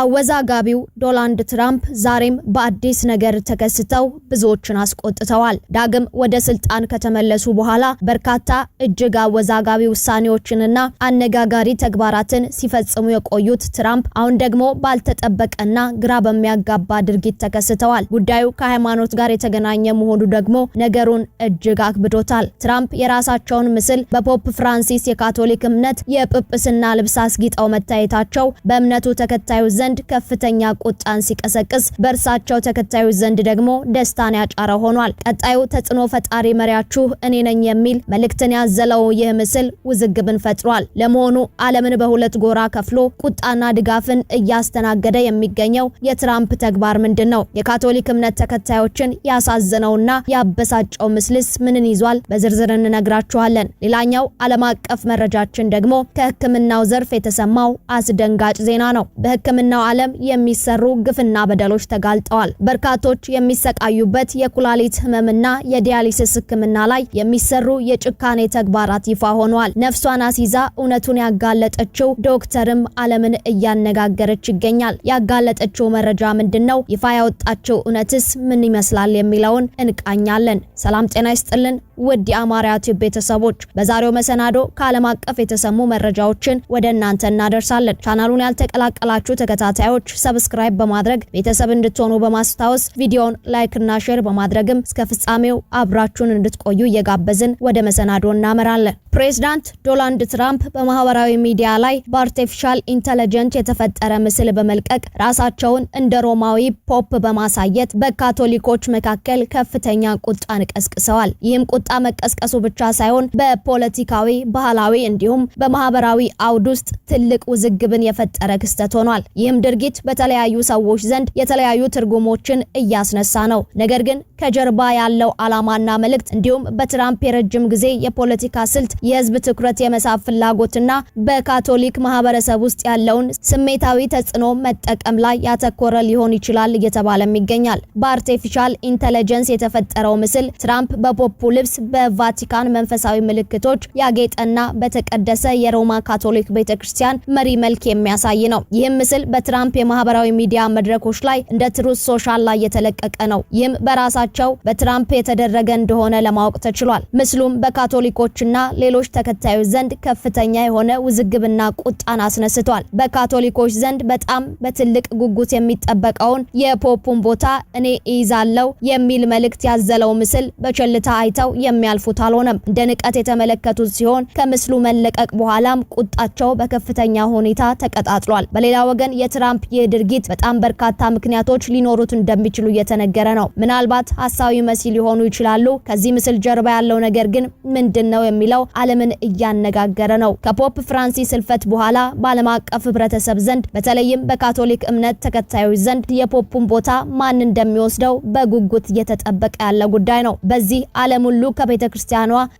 አወዛጋቢው ዶናልድ ትራምፕ ዛሬም በአዲስ ነገር ተከስተው ብዙዎችን አስቆጥተዋል። ዳግም ወደ ስልጣን ከተመለሱ በኋላ በርካታ እጅግ አወዛጋቢ ውሳኔዎችንና አነጋጋሪ ተግባራትን ሲፈጽሙ የቆዩት ትራምፕ አሁን ደግሞ ባልተጠበቀና ግራ በሚያጋባ ድርጊት ተከስተዋል። ጉዳዩ ከሃይማኖት ጋር የተገናኘ መሆኑ ደግሞ ነገሩን እጅግ አክብዶታል። ትራምፕ የራሳቸውን ምስል በፖፕ ፍራንሲስ የካቶሊክ እምነት የጵጵስና ልብስ አስጊጠው መታየታቸው በእምነቱ ተከታዩ ዘንድ ዘንድ ከፍተኛ ቁጣን ሲቀሰቅስ፣ በእርሳቸው ተከታዮች ዘንድ ደግሞ ደስታን ያጫረ ሆኗል። ቀጣዩ ተጽዕኖ ፈጣሪ መሪያችሁ እኔ ነኝ የሚል መልእክትን ያዘለው ይህ ምስል ውዝግብን ፈጥሯል። ለመሆኑ ዓለምን በሁለት ጎራ ከፍሎ ቁጣና ድጋፍን እያስተናገደ የሚገኘው የትራምፕ ተግባር ምንድን ነው? የካቶሊክ እምነት ተከታዮችን ያሳዘነውና ያበሳጨው ምስልስ ምንን ይዟል? በዝርዝር እንነግራችኋለን። ሌላኛው ዓለም አቀፍ መረጃችን ደግሞ ከሕክምናው ዘርፍ የተሰማው አስደንጋጭ ዜና ነው። በሕክምና በመላው ዓለም የሚሰሩ ግፍና በደሎች ተጋልጠዋል። በርካቶች የሚሰቃዩበት የኩላሊት ህመምና የዲያሊሲስ ህክምና ላይ የሚሰሩ የጭካኔ ተግባራት ይፋ ሆኗል። ነፍሷን አስይዛ እውነቱን ያጋለጠችው ዶክተርም ዓለምን እያነጋገረች ይገኛል። ያጋለጠችው መረጃ ምንድን ነው? ይፋ ያወጣችው እውነትስ ምን ይመስላል የሚለውን እንቃኛለን። ሰላም ጤና ይስጥልን ውድ የአማርያ ቲዩብ ቤተሰቦች፣ በዛሬው መሰናዶ ከዓለም አቀፍ የተሰሙ መረጃዎችን ወደ እናንተ እናደርሳለን። ቻናሉን ያልተቀላቀላችሁ ተከታታዮች ሰብስክራይብ በማድረግ ቤተሰብ እንድትሆኑ በማስታወስ ቪዲዮውን ላይክና ሼር በማድረግም እስከ ፍጻሜው አብራችሁን እንድትቆዩ እየጋበዝን ወደ መሰናዶ እናመራለን። ፕሬዚዳንት ዶናልድ ትራምፕ በማህበራዊ ሚዲያ ላይ በአርቲፊሻል ኢንተለጀንስ የተፈጠረ ምስል በመልቀቅ ራሳቸውን እንደ ሮማዊ ፖፕ በማሳየት በካቶሊኮች መካከል ከፍተኛ ቁጣን ቀስቅሰዋል። ይህም ቁጣ መቀስቀሱ ብቻ ሳይሆን በፖለቲካዊ፣ ባህላዊ እንዲሁም በማህበራዊ አውድ ውስጥ ትልቅ ውዝግብን የፈጠረ ክስተት ሆኗል። ይህም ድርጊት በተለያዩ ሰዎች ዘንድ የተለያዩ ትርጉሞችን እያስነሳ ነው። ነገር ግን ከጀርባ ያለው ዓላማና መልእክት እንዲሁም በትራምፕ የረጅም ጊዜ የፖለቲካ ስልት የህዝብ ትኩረት የመሳብ ፍላጎትና በካቶሊክ ማህበረሰብ ውስጥ ያለውን ስሜታዊ ተጽዕኖ መጠቀም ላይ ያተኮረ ሊሆን ይችላል እየተባለም ይገኛል። በአርቲፊሻል ኢንተለጀንስ የተፈጠረው ምስል ትራምፕ በፖፑ ልብስ በቫቲካን መንፈሳዊ ምልክቶች ያጌጠና በተቀደሰ የሮማ ካቶሊክ ቤተክርስቲያን መሪ መልክ የሚያሳይ ነው። ይህም ምስል በትራምፕ የማህበራዊ ሚዲያ መድረኮች ላይ እንደ ትሩስ ሶሻል ላይ የተለቀቀ ነው። ይህም በራሳ መሆናቸው በትራምፕ የተደረገ እንደሆነ ለማወቅ ተችሏል። ምስሉም በካቶሊኮችና ሌሎች ተከታዮች ዘንድ ከፍተኛ የሆነ ውዝግብና ቁጣን አስነስቷል። በካቶሊኮች ዘንድ በጣም በትልቅ ጉጉት የሚጠበቀውን የፖፑን ቦታ እኔ እይዛለው የሚል መልእክት ያዘለው ምስል በቸልታ አይተው የሚያልፉት አልሆነም። እንደ ንቀት የተመለከቱት ሲሆን ከምስሉ መለቀቅ በኋላም ቁጣቸው በከፍተኛ ሁኔታ ተቀጣጥሏል። በሌላ ወገን የትራምፕ ይህ ድርጊት በጣም በርካታ ምክንያቶች ሊኖሩት እንደሚችሉ እየተነገረ ነው። ምናልባት ሀሳዊ መሲል ሊሆኑ ይችላሉ። ከዚህ ምስል ጀርባ ያለው ነገር ግን ምንድን ነው የሚለው ዓለምን እያነጋገረ ነው። ከፖፕ ፍራንሲስ ሕልፈት በኋላ በዓለም አቀፍ ህብረተሰብ ዘንድ በተለይም በካቶሊክ እምነት ተከታዮች ዘንድ የፖፑን ቦታ ማን እንደሚወስደው በጉጉት እየተጠበቀ ያለ ጉዳይ ነው። በዚህ ዓለም ሁሉ ከቤተ ክርስቲያኗ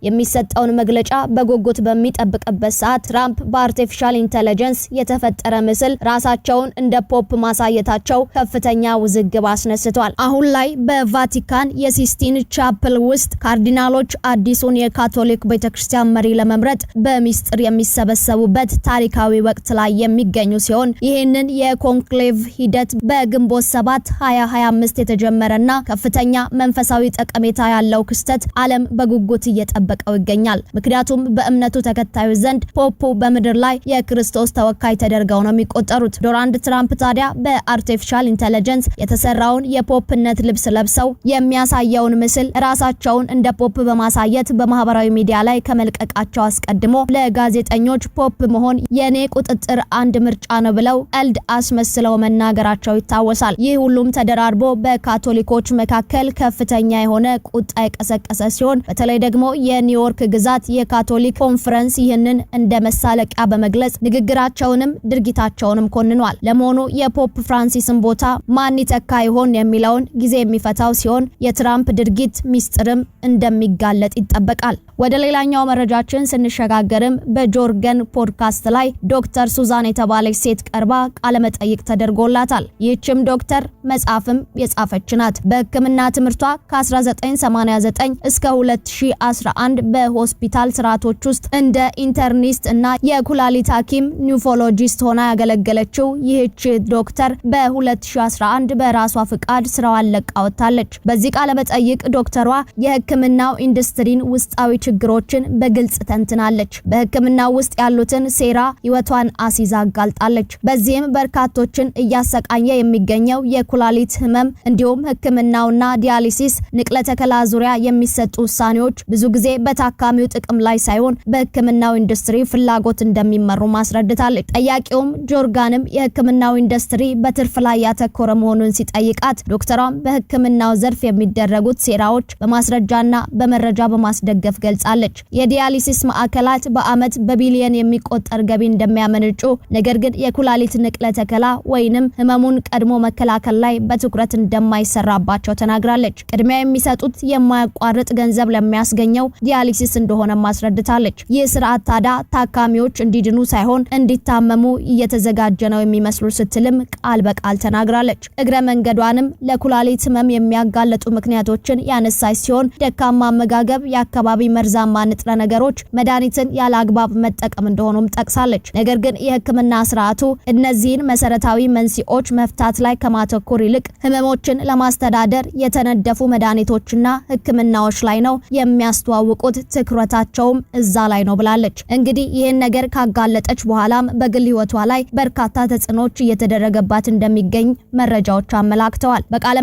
የሚሰጠውን መግለጫ በጉጉት በሚጠብቅበት ሰዓት ትራምፕ በአርቲፊሻል ኢንተለጀንስ የተፈጠረ ምስል ራሳቸውን እንደ ፖፕ ማሳየታቸው ከፍተኛ ውዝግብ አስነስቷል። አሁን ላይ በቫቲ ቫቲካን የሲስቲን ቻፕል ውስጥ ካርዲናሎች አዲሱን የካቶሊክ ቤተክርስቲያን መሪ ለመምረጥ በሚስጥር የሚሰበሰቡበት ታሪካዊ ወቅት ላይ የሚገኙ ሲሆን ይህንን የኮንክሌቭ ሂደት በግንቦት 7 2025 የተጀመረና ከፍተኛ መንፈሳዊ ጠቀሜታ ያለው ክስተት ዓለም በጉጉት እየጠበቀው ይገኛል። ምክንያቱም በእምነቱ ተከታዮች ዘንድ ፖፑ በምድር ላይ የክርስቶስ ተወካይ ተደርገው ነው የሚቆጠሩት። ዶናልድ ትራምፕ ታዲያ በአርቲፊሻል ኢንተለጀንስ የተሰራውን የፖፕነት ልብስ ለብሰው የሚያሳየውን ምስል ራሳቸውን እንደ ፖፕ በማሳየት በማህበራዊ ሚዲያ ላይ ከመልቀቃቸው አስቀድሞ ለጋዜጠኞች ፖፕ መሆን የኔ ቁጥጥር አንድ ምርጫ ነው ብለው ቀልድ አስመስለው መናገራቸው ይታወሳል። ይህ ሁሉም ተደራርቦ በካቶሊኮች መካከል ከፍተኛ የሆነ ቁጣ የቀሰቀሰ ሲሆን በተለይ ደግሞ የኒውዮርክ ግዛት የካቶሊክ ኮንፈረንስ ይህንን እንደ መሳለቂያ በመግለጽ ንግግራቸውንም ድርጊታቸውንም ኮንኗል። ለመሆኑ የፖፕ ፍራንሲስን ቦታ ማን ይተካ ይሆን የሚለውን ጊዜ የሚፈታው ሲሆን የትራምፕ ድርጊት ሚስጥርም እንደሚጋለጥ ይጠበቃል። ወደ ሌላኛው መረጃችን ስንሸጋገርም በጆርገን ፖድካስት ላይ ዶክተር ሱዛን የተባለች ሴት ቀርባ ቃለመጠይቅ ተደርጎላታል። ይህችም ዶክተር መጽሐፍም የጻፈች ናት። በሕክምና ትምህርቷ ከ1989 እስከ 2011 በሆስፒታል ስርዓቶች ውስጥ እንደ ኢንተርኒስት እና የኩላሊት ሐኪም ኒውፎሎጂስት ሆና ያገለገለችው ይህች ዶክተር በ2011 በራሷ ፍቃድ ስራዋን ለቃ ወጥታለች። በዚህ ቃለ መጠይቅ ዶክተሯ የህክምናው ኢንዱስትሪን ውስጣዊ ችግሮችን በግልጽ ተንትናለች። በህክምናው ውስጥ ያሉትን ሴራ ህይወቷን አሲዛ አጋልጣለች። በዚህም በርካቶችን እያሰቃኘ የሚገኘው የኩላሊት ህመም እንዲሁም ህክምናውና ዲያሊሲስ ንቅለ ተከላ ዙሪያ የሚሰጡ ውሳኔዎች ብዙ ጊዜ በታካሚው ጥቅም ላይ ሳይሆን በህክምናው ኢንዱስትሪ ፍላጎት እንደሚመሩ ማስረድታለች። ጠያቂውም ጆርጋንም የህክምናው ኢንዱስትሪ በትርፍ ላይ ያተኮረ መሆኑን ሲጠይቃት ዶክተሯም በህክምናው ዘርፍ ለማሸነፍ የሚደረጉት ሴራዎች በማስረጃና በመረጃ በማስደገፍ ገልጻለች። የዲያሊሲስ ማዕከላት በአመት በቢሊየን የሚቆጠር ገቢ እንደሚያመነጩ፣ ነገር ግን የኩላሊት ንቅለ ተከላ ወይንም ህመሙን ቀድሞ መከላከል ላይ በትኩረት እንደማይሰራባቸው ተናግራለች። ቅድሚያ የሚሰጡት የማያቋርጥ ገንዘብ ለሚያስገኘው ዲያሊሲስ እንደሆነ ማስረድታለች። ይህ ስርዓት ታዲያ ታካሚዎች እንዲድኑ ሳይሆን እንዲታመሙ እየተዘጋጀ ነው የሚመስሉ ስትልም ቃል በቃል ተናግራለች። እግረ መንገዷንም ለኩላሊት ህመም የሚያጋል የሚጋለጡ ምክንያቶችን ያነሳች ሲሆን ደካማ አመጋገብ፣ የአካባቢ መርዛማ ንጥረ ነገሮች፣ መድኃኒትን ያለ አግባብ መጠቀም እንደሆኑም ጠቅሳለች። ነገር ግን የህክምና ስርዓቱ እነዚህን መሰረታዊ መንስኤዎች መፍታት ላይ ከማተኮር ይልቅ ህመሞችን ለማስተዳደር የተነደፉ መድኃኒቶችና ህክምናዎች ላይ ነው የሚያስተዋውቁት፣ ትኩረታቸውም እዛ ላይ ነው ብላለች። እንግዲህ ይህን ነገር ካጋለጠች በኋላም በግል ህይወቷ ላይ በርካታ ተጽኖች እየተደረገባት እንደሚገኝ መረጃዎች አመላክተዋል።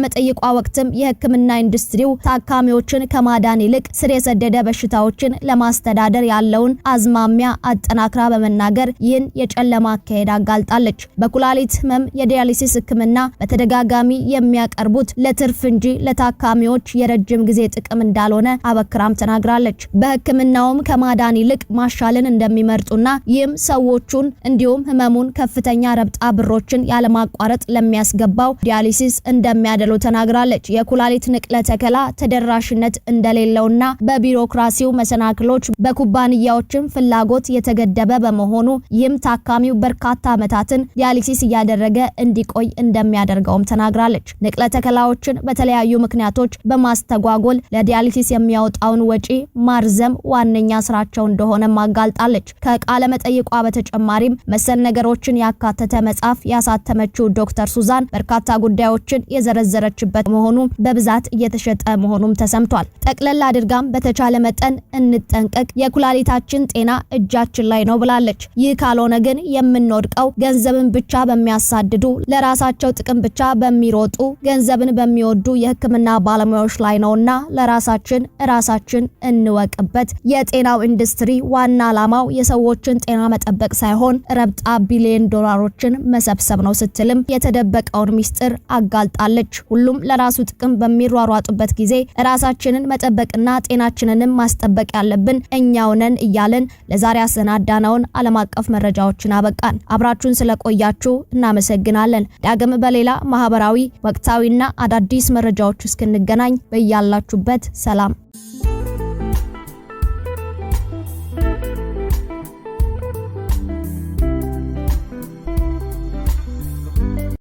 መጠይቋ ወቅትም የህክምና ኢንዱስትሪው ታካሚዎችን ከማዳን ይልቅ ስር የሰደደ በሽታዎችን ለማስተዳደር ያለውን አዝማሚያ አጠናክራ በመናገር ይህን የጨለማ አካሄድ አጋልጣለች። በኩላሊት ህመም የዲያሊሲስ ህክምና በተደጋጋሚ የሚያቀርቡት ለትርፍ እንጂ ለታካሚዎች የረጅም ጊዜ ጥቅም እንዳልሆነ አበክራም ተናግራለች። በህክምናውም ከማዳን ይልቅ ማሻልን እንደሚመርጡና ይህም ሰዎቹን እንዲሁም ህመሙን ከፍተኛ ረብጣ ብሮችን ያለማቋረጥ ለሚያስገባው ዲያሊሲስ እንደሚያደሉ ተናግራለች። የኩላ የኩላሊት ንቅለ ተከላ ተደራሽነት እንደሌለውና በቢሮክራሲው መሰናክሎች በኩባንያዎችም ፍላጎት የተገደበ በመሆኑ ይህም ታካሚው በርካታ ዓመታትን ዲያሊሲስ እያደረገ እንዲቆይ እንደሚያደርገውም ተናግራለች። ንቅለ ተከላዎችን በተለያዩ ምክንያቶች በማስተጓጎል ለዲያሊሲስ የሚያወጣውን ወጪ ማርዘም ዋነኛ ስራቸው እንደሆነ አጋልጣለች። ከቃለ መጠይቋ በተጨማሪም መሰል ነገሮችን ያካተተ መጽሐፍ ያሳተመችው ዶክተር ሱዛን በርካታ ጉዳዮችን የዘረዘረችበት መሆኑ በ በብዛት እየተሸጠ መሆኑም ተሰምቷል። ጠቅለል አድርጋም በተቻለ መጠን እንጠንቀቅ፣ የኩላሊታችን ጤና እጃችን ላይ ነው ብላለች። ይህ ካልሆነ ግን የምንወድቀው ገንዘብን ብቻ በሚያሳድዱ ለራሳቸው ጥቅም ብቻ በሚሮጡ ገንዘብን በሚወዱ የሕክምና ባለሙያዎች ላይ ነውና ለራሳችን ራሳችን እንወቅበት። የጤናው ኢንዱስትሪ ዋና ዓላማው የሰዎችን ጤና መጠበቅ ሳይሆን ረብጣ ቢሊዮን ዶላሮችን መሰብሰብ ነው ስትልም የተደበቀውን ሚስጥር አጋልጣለች። ሁሉም ለራሱ ጥቅም በሚሯሯጡበት ጊዜ ራሳችንን መጠበቅና ጤናችንንም ማስጠበቅ ያለብን እኛው ነን እያልን ለዛሬ አሰናዳነውን ዓለም አቀፍ መረጃዎችን አበቃን። አብራችሁን ስለቆያችሁ እናመሰግናለን። ዳግም በሌላ ማህበራዊ ወቅታዊና አዳዲስ መረጃዎች እስክንገናኝ በያላችሁበት ሰላም